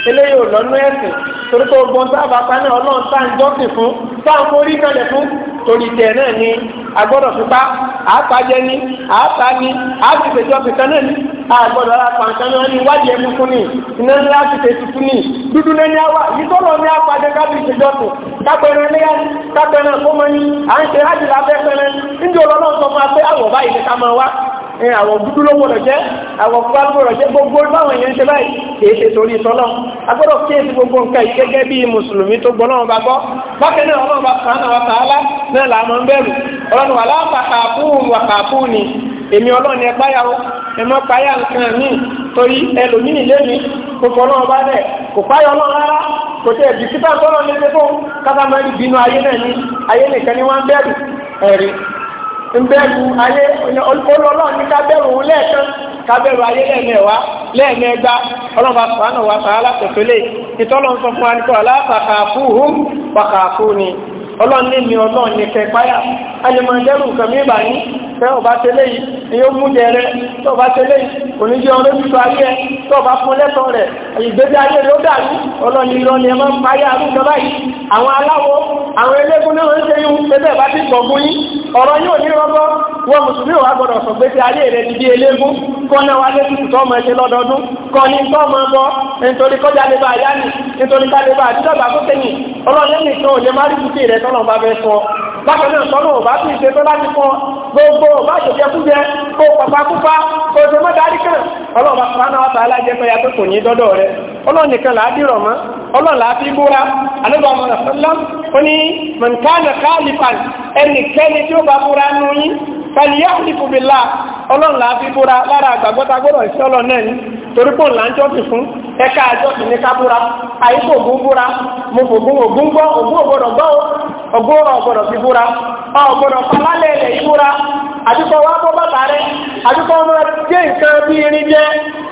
A: eléyìí ò lọ́nu ẹ̀sìn torí pé ogun tá a bá pa náà ọlọ́run tá à ń jọ́sìn fún tá à ń forí kalẹ̀ fún torí tẹ̀ náà ni agbọ́dọ̀ fipá àápàjẹ́ ni, àápá ní àápìpẹ̀jọ́ kankan náà ní àgbọ̀dọ̀ alápàǹkan náà ní wájú ẹmu fún ní iná ńlá ti tẹ̀sí fún ní dúdú náà ní àwà ìtọ́lọ̀ ní àpàjẹ́ kábíyì ìṣèjọ́ tó kápẹ́rẹ́ léyà kápẹ́rẹ́ fọmọ à ń ṣe láti lábẹ́ pẹ́rẹ́ níjọ́ lọ́nà sọ fún wa pé àwọ̀ báyìí ni ká máa wá ẹ àwọ̀ dúdú ló gbọ́dọ̀ jẹ́ àwọ̀ gbogbo báwọn èèyàn ṣe báyìí kìí ṣe torí sọ́lọ́ agbọ́dọ̀ kíyèsí gbogbo nǹkan yìí gẹ́gẹ́ bí mùsùlùmí tó gbọ́ náà bá gbọ́ bákan ọlọ́run bá kàn án wàtàálá náà là máa ń bẹ̀rù ọlọ́run wà láàpàkà fún ni èmi ọlọ́run ẹ páyàwó ẹ páyà nǹkan torí olùkọ́lọ́ọ̀ ní kábẹ́rù òun lẹ́ẹ̀kan kábẹ́rù ayé lẹ́ẹ̀mẹ́wá lẹ́ẹ̀mẹ́gbá ọlọ́ba sùhánà wà sàá látọ̀tọ̀lẹ̀ ìtọ́lọ́ sọ fún anìkọ́ aláàfàkà fúhùn pàkà fún ni ọlọ́run ní mi ọlọ́run ní fẹ́ ọba tẹ́lẹ̀ yìí ni ó mú jẹrẹ tó ọba tẹ́lẹ̀ yìí oníjẹ́ ọ̀rẹ́ tuntun ayé ẹ tó ọba fún lẹ́tọ̀ọ́ rẹ̀ ìgbésí ayé rẹ̀ ó dàrú ọlọ́run ní lọ́ni ẹ máa ń páyà arúgbó báyìí àwọn aláwọ̀ àwọn eléégún náà ń ṣe ọ̀rọ̀ yóò ní rọ́bọ́ wọ́n mùsùlùmí wà gbọ́dọ̀ sọ pé tí ayé rẹ̀ ti di eléégún kọ́ náà wálé tuntun tó ọmọ ẹ̀ṣẹ̀ lọ́dọọdún kọ́ ní tó ọmọ bọ́ nítorí kọjá lè bá yá ni nítorí ká lè bá àdúgbò àgbà tó kẹ́yìn ọlọ́run nìkan ò lè má rí bùkì rẹ tọ́lọ̀ bá fẹ́ sọ bákan náà tọ́lọ̀ ò bá fi ṣe tó láti fọ gbogbo ò bá ṣòjẹ kújẹ kó pàpà kúpa kó ṣe mọ́ dárí kan ọlọ́run bá fún aná wàtà alájẹ pé yàtọ̀ kò ní dọ́dọ̀ rẹ ọlọ́run nìkan là á dìrọ̀ mọ́ ọlọ́run là á fi búra àlọ́bà ọmọ fàlìyà òdìfòbìlà ọlọ́run là á fi búra lára àgbàgbọ́ta gbọ́dọ̀ ìṣẹ́ ọlọ́run náà ni torí pò fún ẹ̀ka àjọsìn ní ká búra àyíkò ògún búra mo fògún ògún gbọ́ ògún ògbọ́dọ̀ gbọ́ fi búra ọ̀gbọ́dọ̀ falálẹ̀ àdúgbò wa bọ́ bàtà àdúgbò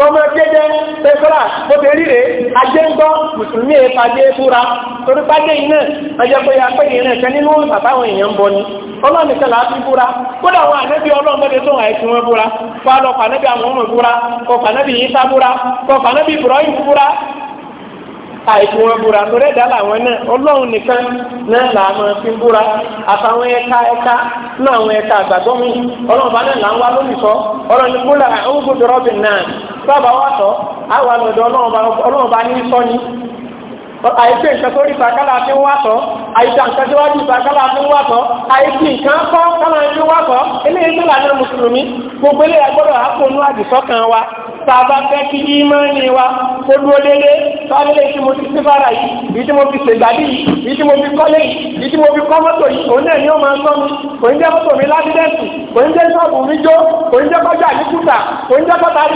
A: ọmọ jẹjẹ pẹ̀sọ́rà bó ti rí rè ajé ń gbọ́ mùsùlùmí ẹ̀ pàdé fúra torí pàdé iná ẹjẹ pé apẹ́ ẹ̀kẹ́ nínú bàbá èèyàn ń ni ọlọ́nìkan là á fi búra kódà àwọn ànábì ọlọ́mọdé tó àìsí wọn búra kó a lọ fànábì àwọn ọmọ búra kó fànábì yíṣá búra kó fànábì Ibrahim búra àìsí wọn búra torí ẹ̀dá làwọn náà ọlọ́run nìkan náà là á máa fi búra àtàwọn ẹ̀ka ẹ̀ka náà àwọn ẹ̀ka àgbàgbọ́ mi ọlọ́run bá náà là ń wá lónìí sọ ọlọ́run ní kúlà àwọn gbọdọ̀ rọ́bì náà bàbá wa tọ́ àwọn àlọ́dọ̀ ọlọ́run bá ní sọ́ni àìsí nǹkan tó rí sàkálà tí ń wàtọ̀ àìsí nǹkan tó wájú sàkálà tí ń wàtọ̀ àìsí nǹkan kọ́ kálà tí ń wàtọ̀ eléyìí tó lànà mùsùlùmí gbogbo eléyà gbọ́dọ̀ àpònú àdìsọ́kàn wa tàbá fẹ́ kí ìmọ̀ọ́nì wa kó dúró dédé fáwọn o tí mo ti sí yìí mo fi ṣègbàdì yìí èyí mo fi kọ́lé yìí mo fi kọ́ mọ́tò yìí òun náà ni ó máa ń sọ́nu kò ń jẹ́ mọ́tò mi kò ń jẹ́ sọ́ọ̀bù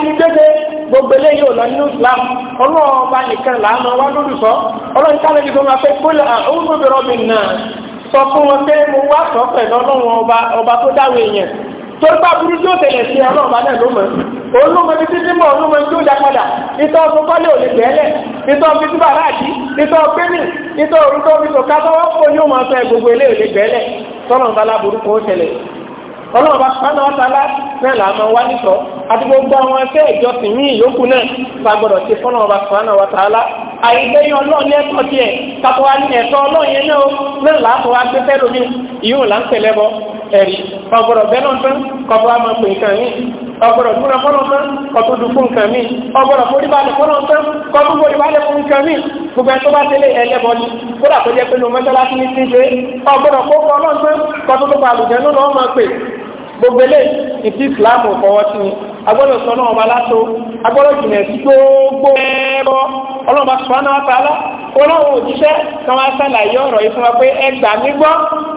A: mi jó gbogbo eléyìí ò lọ Islam ọlọ́ọ̀ba nìkan làánà wá sọ ọba torí pé aburú tí ó tẹ̀lẹ̀ sí ẹ̀rọ ọ̀bá náà ló mọ̀ òun ló mọ ibi títí mọ̀ òun ló mọ ibi tí ó dá padà ìtọ́ ọkọ̀ kọ́lé ò lè tẹ́lẹ̀ ìtọ́ fi túbà láàdí ìtọ́ pínì ìtọ́ òru tó fi tò ká tọ́wọ́ pò yóò máa fẹ́ gbogbo ilé ò lè tẹ́lẹ̀ tọ́lọ̀ ń bala burúkú ó tẹ̀lẹ̀ ọlọ́ọ̀bá pátá wá sálá náà là máa wá nìtọ́ àti bá sàánà wa sàálà àìgbẹ́yìn ọlọ́ọ̀ ní ẹ̀tọ́ tiẹ̀ kátó wá ní ẹ̀tọ́ ọlọ́ọ̀ yẹn náà náà làá tó gbé fẹ́ lómi ìyóò là ń tẹ̀lẹ́ bọ́ ẹ̀rí ọgbọ̀rọ̀ bẹ́lọ̀ tán kọ̀bọ̀ àmọ́ pè nǹkan yìí ọgbọ̀rọ̀ dúnra fọ́nà tán kọ̀tún dùn fún nǹkan mi ọgbọ̀rọ̀ foríbalẹ̀ fọ́nà tán kọ̀tún foríbalẹ̀ fún nǹkan mi gbogbo ẹ̀tọ́ bá tẹ́lẹ̀ ẹlẹ́bọ ni kódà tó jẹ́ pé lóun mẹ́tọ́lá sí ní ti ṣe ọgbọ̀rọ̀ kó kọ́ gbogbo eléyìí ní ti fọwọ́ sí ni agbọ́dọ̀ sọ náà ọba láṣọ agbọ́dọ̀ jìnà sí gbogbo ẹ̀rọ ọlọ́mọ sọ́nà ise ọlọ́run òjíṣẹ́ kan wá sàlàyé ọ̀rọ̀ yìí fún wa pé ẹgbàá mi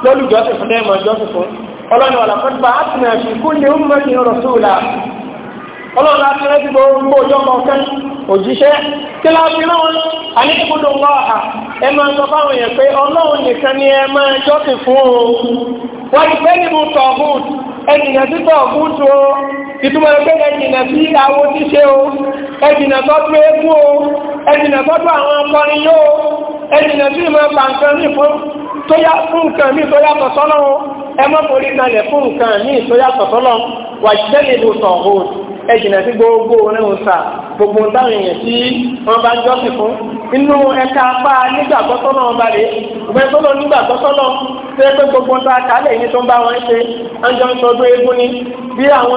A: lólùjọ́sìn fún ẹ̀mọ́ ìjọ́sìn fún ọlọ́run wà òjíṣẹ́ kí la fi náà wọn àníkúdò lọ́ọ̀hà ẹ máa sọ fáwọn èèyàn pé ọlọ́run nìkan ni ẹ máa jọ́sìn fún o wọ́n ti gbé nínú tọ̀gùt ẹ̀jìnà sí tọ̀gùt o ìtumọ̀ ẹgbẹ́ ẹ̀jìnà sí àwo ṣíṣe o ẹ̀jìnà tọ́jú eégún o ẹ̀jìnà tọ́jú àwọn akọrin yóò ẹ̀jìnà sí ìmọ̀ pàǹkan ní fún tó yá fún nǹkan mí tó yàtọ̀ sọ́nà o ẹ má forí kalẹ̀ fún nǹkan mí tó yàtọ̀ sọ́nà wà nínú tọ̀gùt ẹ̀jìnà sí gbogbo oníhùn sáà gbogbo táwọn èèyàn tí wọ́n bá jọ́ sí fún inú ẹ̀ka apá nígbàgbọ́ tọ́lọ́ wọn balẹ̀ ìgbẹ́ tọ́lọ́ nígbàgbọ́ tọ́lọ́ ṣé pé gbogbo ta kálẹ̀ yìí tó ń bá wọn ṣe wọ́n jọ ń sọdún eégún ni bí àwọn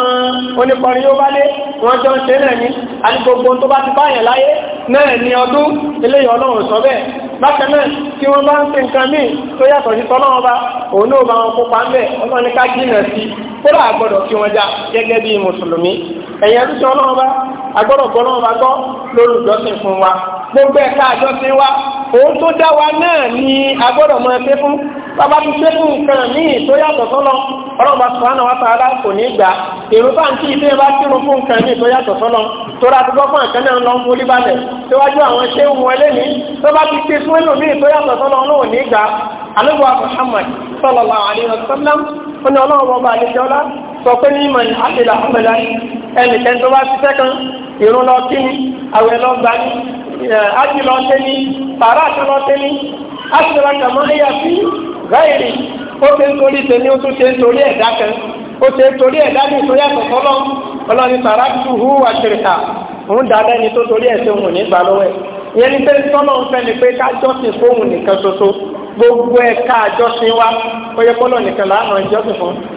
A: oníkọrin yóò bá lé wọ́n jọ ń ṣe náà ní àti gbogbo tó bá ti báyàn láyé náà ní ọdún eléyìí ọlọ́run sọ bẹ́ẹ̀ bákan náà tí wọ́n bá ń ṣe nǹkan míì tó yàtọ̀ sí tọ́lọ́wọ́n bá òun náà bá wọn kópa ń bẹ̀ ọlọ́run ká jìnnà sí kó ẹ̀yìn ẹ̀dúnṣe ọlọ́run bá agbọ́dọ̀ gbọ́ ọlọ́run bá gbọ́ lórí ìjọsìn fún wa gbogbo ẹ̀ka àjọsìn wa òun tó dá wa náà ni agbọ́dọ̀ mọ ẹgbẹ́ fún bàbá tó ṣe fún nǹkan míì tó yàtọ̀ sọ́lọ́ ọlọ́run bá sọ̀rọ̀ náà wá sáárá kò ní gbà èrò bá ń tí ilé bá kírun fún nǹkan míì tó yàtọ̀ sọ́lọ́ tó ra àtúgbọ́ fún nǹkan náà lọ ń forí síwájú àwọn ṣé ń wọn ẹlẹ́ni tó bá ti ṣe fún ẹlòmíì tó yàtọ̀ sọ́lọ́ náà ní gbà alẹ́ wa Muhammad sallallahu alaihi wasallam ó ní ọlọ́run ọba sọ pé ní ìmọ̀ àpèlà àpèlà ẹnìkan tó bá ṣiṣẹ́ kan ìrún lọ kí ni àwẹ̀ lọ gbà ní ájì lọ tẹ́ ní pàrọ̀ àti lọ tẹ́ ní àṣìlá kàmọ́ ẹ̀yà sí gáìrì ó ṣe ń torí tẹ̀lé ó tún ṣe ń torí ẹ̀dá kan ó ṣe ń torí ẹ̀dá ní ìtorí àkọ́kọ́ lọ ọlọ́ni pàrọ̀ tù hú àṣìríkà òun dáadáa ẹni tó torí ẹ̀sẹ̀ òun ní lọ́wọ́ ẹ̀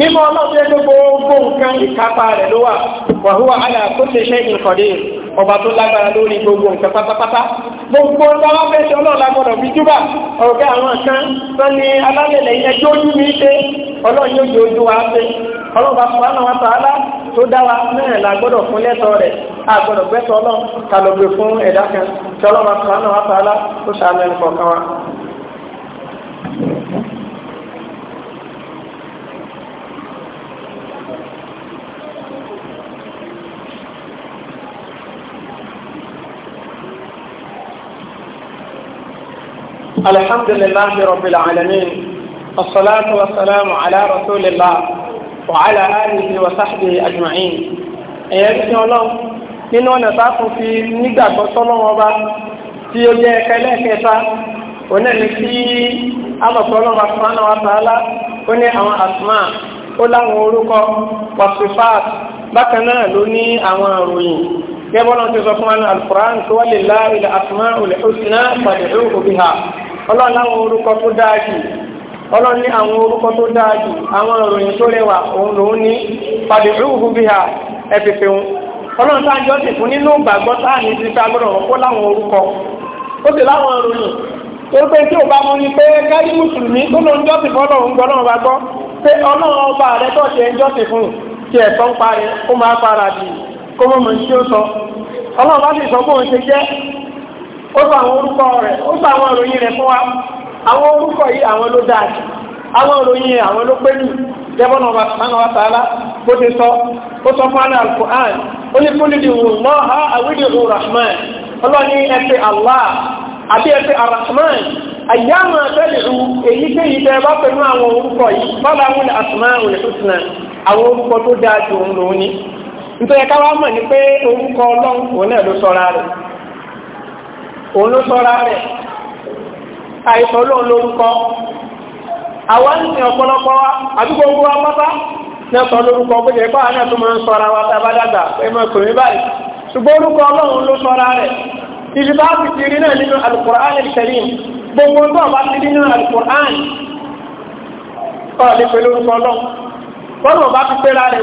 A: mímọ̀ ọlọ́run yẹn gbogbo nǹkan ìkápá rẹ̀ ló wà wàhúwà àlà tó ṣe ṣe ìkọ̀dé ọba tó lágbára lórí gbogbo nǹkan pátápátá gbogbo ọlọ́wọ́ fẹ́ ṣe ọlọ́run lágbọ́dọ̀ fi júbà ọ̀gá àwọn kan tán ni alálẹ̀lẹ̀ yẹn tó ojú mi ṣe ọlọ́run yóò di ojú wa ṣe ọlọ́run fún wa tààlà tó dá náà la gbọ́dọ̀ fún lẹ́tọ̀ọ́ rẹ̀ a gbọ́dọ̀ gbẹ́tọ̀ ọlọ́run kàlọ́gbè fún ẹ̀dá kan tí ọlọ́run bá fún wa tààlà tó ṣàmẹ́nu kọ̀ọ̀kan wa. الحمد لله رب العالمين الصلاة والسلام على رسول الله وعلى آله وصحبه أجمعين ẹ̀yẹ́ tí ọlọ́run nínú ọ̀nà tá a kò fi nígbàgbọ́ sọ́lọ́wọ́ bá tí ó jẹ́ ẹ̀kẹ́lẹ́kẹta òun ẹni tí alọ̀pọ̀lọ́ asùmánà wa tààlà ó ní àwọn asùmá ó láwọn orúkọ wàsùfáàt bákan náà ló ní àwọn àròyìn gẹ́gbọ́n náà ti sọ fún wa ní alukùrán tó wà lè láàrín asùmá olùhùsùnà pàdé òkú bí ha ọlọ́run láwọn orúkọ tó dáa jù ọlọ́run ní àwọn orúkọ tó dáa jù àwọn ìròyìn tó rẹwà òun lòún ní fàdùrúhù biha ẹ̀fẹ̀fẹ̀ wọn ọlọ́run tá à ń jọ́ sì fún nínú ìgbàgbọ́ tá à ní ti fi agbọ́dọ̀ kó láwọn orúkọ ó sì láwọn ìròyìn tó pé tí ò bá mọ ni pé káyí mùsùlùmí tó lóun jọ́ sì fún ọlọ́run gbọ́ ọlọ́run bá gbọ́ pé ọlọ́run ọba ó sọ àwọn orúkọ rẹ̀ ó sọ àwọn ìròyìn rẹ̀ fún wa àwọn orúkọ yìí àwọn ló dáa jù àwọn ìròyìn àwọn ló pé jù jẹ́bọ́n náà sánà wa tààlà bó ti sọ ó sọ fún àná alukur'an ó ní kúlì di wù mọ́ ha àwídì wù rahman ọlọ́ni ẹ̀fẹ̀ allah àti ẹ̀fẹ̀ arahman àyàmà tẹ́lẹ̀ ru èyíkéyìí tẹ́ bá pẹ̀lú àwọn orúkọ yìí bọ́lá wọn àtúmọ̀ olùsùsùnà àwọn orúkọ tó dáa jù òun lòun ni nítorí káwá mọ̀ ní pé orúkọ ọlọ́run òun náà ló sọ òun ló sọ́ra rẹ̀ àìsàn ń sin ọ̀pọ̀lọpọ̀ wa àdúgbò lórúkọ tó máa ń sọ́ra wa a bá dàgbà pé báyìí ṣùgbọ́n orúkọ ọlọ́run ló sọ́ra rẹ̀ ti ti rí náà nínú gbogbo a bá ti rí nínú alukur'an ọ̀rọ̀ lè pẹ̀lú orúkọ ọlọ́run bá ti pẹ́ra rẹ̀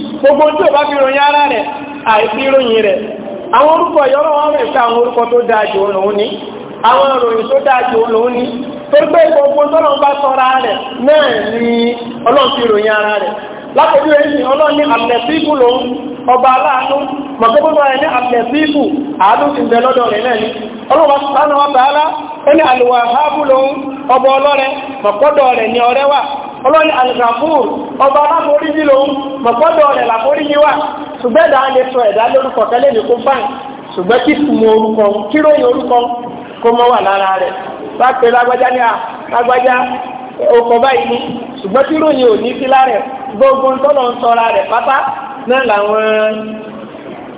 A: gbogbo tí ọba bá fi ròyìn ara rẹ̀ àìsí ròyìn rẹ̀ àwọn orúkọ yọ́rọ̀ wọn rẹ̀ sí àwọn orúkọ tó dáa jù òun ní àwọn ìròyìn tó dáa jù òun gbogbo tó lọ́n bá sọ́ra rẹ̀ náà ni fi ròyìn ara rẹ̀ ní àtẹ̀síkù lòun ọba aláàánú mọ̀tẹ́gbọ́n rẹ̀ ní àtẹ̀síkù àánú ti lọ́dọ̀ rẹ̀ náà ni sánà ọlọ́ni alìgbàfúr ọba aláforí yìí lòun mọ̀kọ́dọ̀ rẹ̀ làforí yìí wà ṣùgbẹ́ dáa lè sọ ẹ̀dá lórúkọ tẹ́lẹ̀ ní kó báyìí ṣùgbẹ́ kí fún orúkọ kí ròyìn orúkọ kó mọ́ wà lára rẹ̀ bá pe lágbájá ní àgbájá ọkọ̀ báyìí ni ṣùgbẹ́ kí ròyìn ò ní sí lára gbogbo ńtọ́lọ́ ń sọra rẹ̀ pátá náà làwọn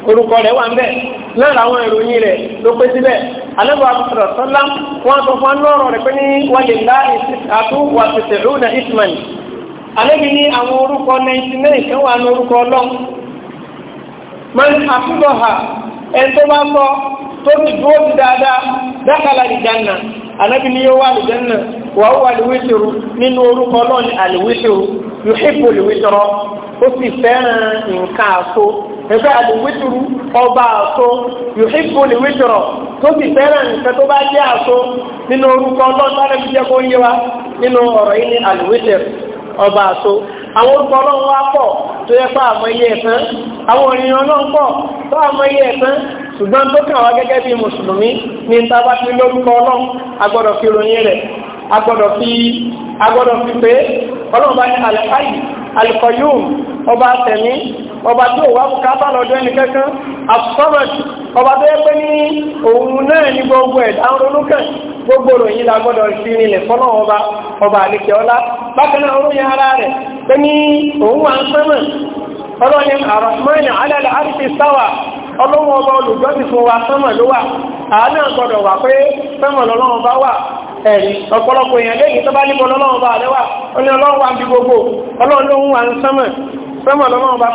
A: orúkọ rẹ̀ wà ń bẹ̀ lára àwọn ìròyìn rẹ̀ ló pé síbẹ̀ alẹ́bọ̀ àkùsọ̀rọ̀ sọ́lá wọn sọ fún ọlọ́rọ̀ rẹ̀ pé ní wàlẹ̀ láì àtú wà tètè rúnà isman alẹ́bí ní àwọn orúkọ 99 kan wà ní orúkọ ọlọ́run mọ́n àfúbọ̀ ha ẹni tó bá sọ tó ti dúró dáadáa dákàlà ìjànà anábì ni yóò wà àlùjẹ́nà wà ó wà àlùwítìrù nínú orúkọ náà ní àlùwítìrù yóò hìpò àlùwítìrù ó sì fẹ́ràn nǹkan àtó ẹgbẹ́ àlùwítìrù ọba àtó yóò hìpò àlùwítìrù tó sì fẹ́ràn nǹkan tó bá jẹ́ àtó nínú orúkọ náà sáré jẹ́ kó yé wa nínú ọ̀rọ̀ yìí ní àlùwítìrù ọba àtó àwọn orúkọ ọlọ́run wá pọ̀ tó yẹ fún àmọ́ iye ẹ̀fẹ́ àwọn ṣùgbọ́n tó kàn wá gẹ́gẹ́ bí mùsùlùmí ní ta bá ti lórúkọ ọlọ́run agbọ́dọ̀ fi ròyìn rẹ̀ agbọ́dọ̀ fi agbọ́dọ̀ fi pé ọlọ́run bá ní alẹ́fáyì alẹ́kọ̀yùm ọba tẹ̀mí ọba tó wà fún kábà lọ́dọ̀ ẹni kankan asọ́mọ̀tì ọba tó yẹ pé ní òun náà ní gbogbo ẹ̀ dáhùn ronúkẹ̀ gbogbo ròyìn la gbọ́dọ̀ fi nílẹ̀ fọ́nà ọba ọba àlekẹ́ ọlá bákan náà ròyìn ara rẹ̀ pé ní òun wà ń sẹ́mọ̀ ọlọ́run àràmọ́ni alẹ́ àrùsí sáwà ọlọ́wọ́ ọba olùgbọ́sì wa sánmà ló wà àánà gbọ́dọ̀ wà pé sánmà lọ́lọ́wọ́ bá wà ẹ̀rí ọ̀pọ̀lọpọ̀ èèyàn lẹ́yìn tó bá níbo lọ́lọ́wọ́ bá rẹwà ó ní ọlọ́wọ́ wa bí gbogbo ló ń wà sánmà sánmà lọ́lọ́wọ́ bá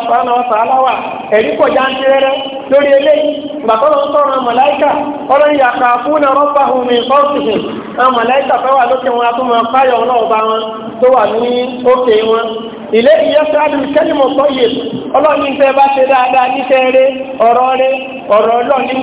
A: lórí eléyìí gbàtọ́lọ́ sọ̀rọ̀ àwọn mọ̀láìkà ọ̀rọ̀ ìyàtọ̀ àfúnà rọ́bà omi ìfọ́sìsì àwọn mọ̀láìkà fẹ́ wà lókè wọn àtúmọ̀ fáyọ̀ ọlọ́ọ̀bá wọn tó wà ní òkè wọn. ilé ìyẹ́sẹ̀ àdùn kẹ́lìmọ̀ sọ́yè ọlọ́ọ̀ni fẹ́ bá ṣe dáadáa níṣẹ́ rẹ ọ̀rọ̀ rẹ ọ̀rọ̀ ní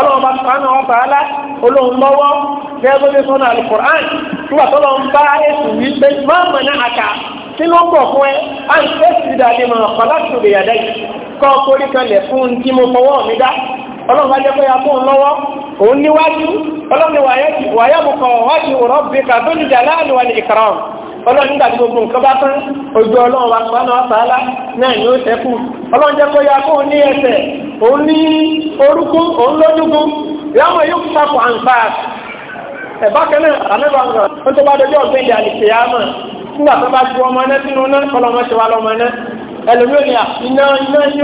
A: ọlọ́run bá sọ́nà wọn bàálá olóhùn lọ́wọ́ gẹ́gẹ́ sọ́nà alukur'an nígbà tó lọ ń bá èsù wípé máa mọ̀ ní àkà kí ló pọ̀ fún ẹ à ń fẹ́ sí ìdàdé mọ̀ ọ̀pá láti òde yàdá yìí kọ́ kórí kanlẹ̀ fún tí mo fọwọ́ mi dá ọlọ́run bá jẹ́ pé ya fún un lọ́wọ́ òun níwájú ọlọ́run wàyẹ̀ mú kọ̀ wájú rọ́bì kàdúndà láàánú wa ní ìkàrọ̀ ọlọ́run nígbà tí gbogbo nǹkan bá tán ojú ọlọ́run wa pàánà ọ̀sàálá náà ni ó tẹ́kù ọlọ́run jẹ́ ya kó ní ẹsẹ̀ òun ní òun lójúkún ìyáwó yóò fún àǹfà ẹ̀bá kẹ́lẹ́ ó tó bá dojú ọ̀gbìn ìdí yá mọ̀ nígbà tó bá ju ọmọ sínú náà ṣe wá ẹlòmíràn iná iná ní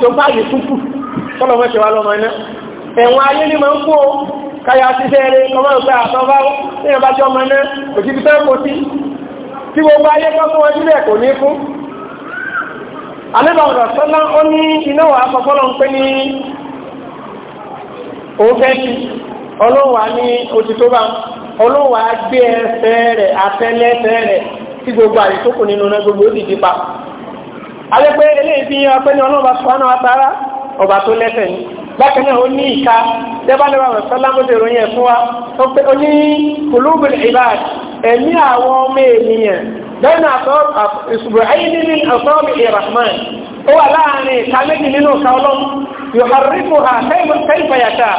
A: gbogbo kọ́lọ̀ mọ́ ṣe wá lọ́mọ iná ẹ̀wọ̀n ayé ni máa ń kó káyà ṣiṣẹ́ rẹ̀ ọmọ ìgbà àtọ́fá lẹ́yìn bá jọmọ iná kò sí fífẹ́ kò sí tí gbogbo ayé kọ́ fún wọn sílẹ̀ kò ní fún. alẹ́bàá ọ̀dọ̀ sọ́lá ó ní iná wà á fọ́fọ́ lọ́n pé ní òfẹ́ ti ọlọ́wà ní oṣù bá ọlọ́wà gbé ẹsẹ̀ rẹ̀ afẹ́lẹ́sẹ̀ rẹ̀ tí gbogbo àyè nínú náà gbogbo ó dìde pa. alẹ́ pé eléyìí ọlọ́wà ọba tó lẹ́sẹ̀ ni bákan náà ó ní ìka dẹ́bàlẹ́wà rẹ̀ sọ́lámọ́dé ròyìn ẹ̀ fún wa ó ní kùlùbùl ìbáàd ẹ̀mí àwọn ọmọ ènìyàn bẹ́ẹ̀ni ìṣubú ayé nínú ọ̀sọ́ọ̀mì ìrahman ó wà láàrin ìka méjì nínú ìka ọlọ́run yòhárìkù ha kẹ́ìfàyàtà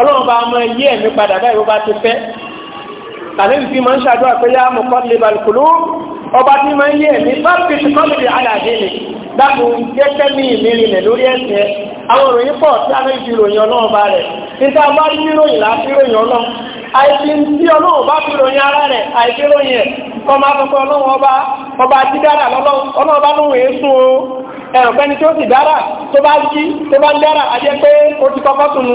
A: ọlọ́run bá máa yí ẹ̀mí padà báyìí ó bá ti fẹ́ tàbí fi máa ń ṣàdúrà pé yá mọ̀kọ́ lè balùkùlù ọba tí máa ń yí ẹ̀mí dákun jẹ́jẹ́ mi ìmìrìnlẹ̀ lórí ẹ̀sìn ẹ̀ àwọn ìròyìn pọ̀ tí a lè fi ròyìn ọlọ́run bá rẹ̀ níta bá rí ròyìn láti ròyìn ọlọ́run àìsí tí ọlọ́run bá fi ròyìn ara rẹ̀ àìsí ròyìn ẹ̀ ọlọ́run ọba ọba dára ọlọ́run bá o tó sì dára tó bá jí tó a jẹ́ pé ó ti kọ́kọ́ tunu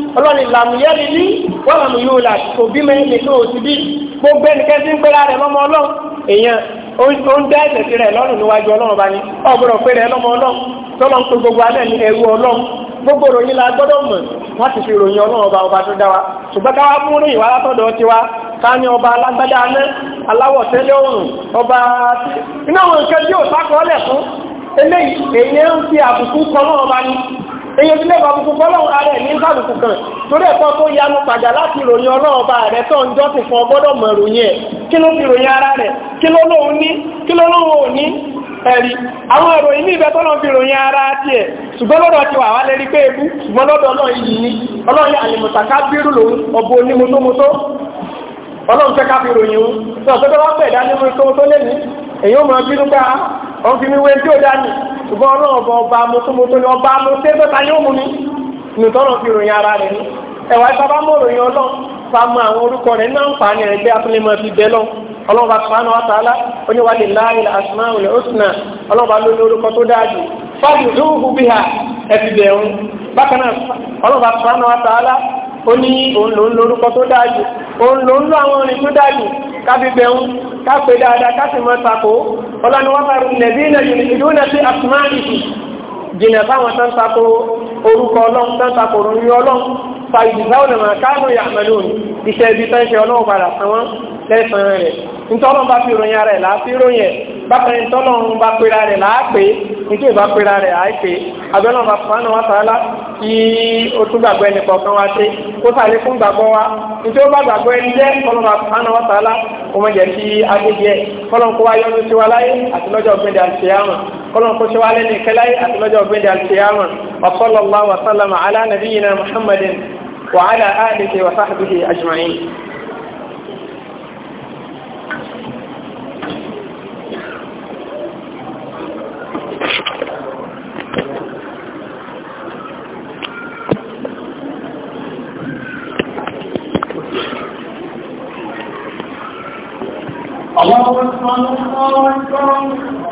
A: ọlọ́ni làmúyẹ́rì ní wọ́n làmú yóò là kò bí mẹ́rin nìkan ò sí bí gbogbo ẹnikẹ́ni tí ń pẹ́lá rẹ̀ lọ́mọ ọlọ́run èèyàn ó ń dá ẹ̀sẹ̀ sí rẹ̀ lọ́rùn níwájú ọlọ́run bá ní ọ̀gbọ́dọ̀ pé rẹ̀ lọ́mọ ọlọ́run tọ́lọ́ ń pe gbogbo alẹ́ ní ẹrú ọlọ́run gbogbo ròyìn la gbọ́dọ̀ mọ̀ wọ́n ti fi ròyìn ọlọ́run ọba ọba tó dá wa ṣùgbọ́n káwá mú rìn wá látọ̀dọ̀ tiwa ká ní ọba alágbádá aná aláwọ̀ tẹ́lẹ̀ òrùn ọba iná àwọn nǹkan tí ò fún eléyìí èyí ń fi àbùkù kọ́ èyí ti lẹ́kọ̀ọ́ àbùkù fọlọ́run ara ẹ̀ ní sàbùkù kan torí ẹ̀kọ́ tó yanu padà láti ìròyìn ọlọ́run rẹ̀ tó ń fún mọ̀ ẹ̀ kí ló fi ara rẹ̀ kí ló lóun ní kí ló lóun ò ní ẹ̀rí àwọn ìròyìn ní fi ara ṣùgbọ́n lọ́dọ̀ ti wà ṣùgbọ́n lọ́dọ̀ òun fi mi wé tí ó dání ṣùgbọ́n ọlọ́run ọba ọba amúsúmúsú ni ọba amúsé tó ta yóò mú mi fi ròyìn ara rẹ̀ ni ẹ̀wà ìta bá mọ̀ ròyìn fa mọ àwọn orúkọ rẹ̀ náà ń pa ní ẹgbẹ́ atúlẹ̀mọ́ fi bẹ́ lọ ọlọ́run bá sùpánù oníwàlẹ̀ láàyè òsùnà ọlọ́run bá orúkọ tó fáàlì ọlọ́ni wọ́n bá nẹ̀bí náà yìí ìlú náà sí àtúmá ìsì jìnà fáwọn tán tako orúkọ ọlọ́run tán tako orí ọlọ́run fa ìdìbò àwọn ọmọ káàmù yàmẹ́lú iṣẹ́ ibi tán ṣe ọlọ́run padà sanwó lẹ́sàn-án rẹ̀ bákan ní tọ́lọ́run bá pera rẹ̀ láàpè nítorí bá pera rẹ̀ àìpè abẹ́lẹ́ bá fún àwọn àtàlá kí o tún gbàgbọ́ ẹnì kọ̀ọ̀kan wa ṣe kó sàlẹ̀ fún gbàgbọ́ wa nítorí bá gbàgbọ́ ẹni jẹ́ kọ́lọ́n fún àwọn àtàlá kó mọ̀ jẹ́ sí agbègbè kọ́lọ́n kó wá yọ ní tiwa láyé àti lọ́jọ́ ọ̀gbẹ́dẹ àti àmọ̀ kọ́lọ́n kó ṣe wá lẹ́nu ìkẹláyé àti lọ́jọ́ ọ̀gbẹ́dẹ àti àmọ̀
B: الله أكبر الله أكبر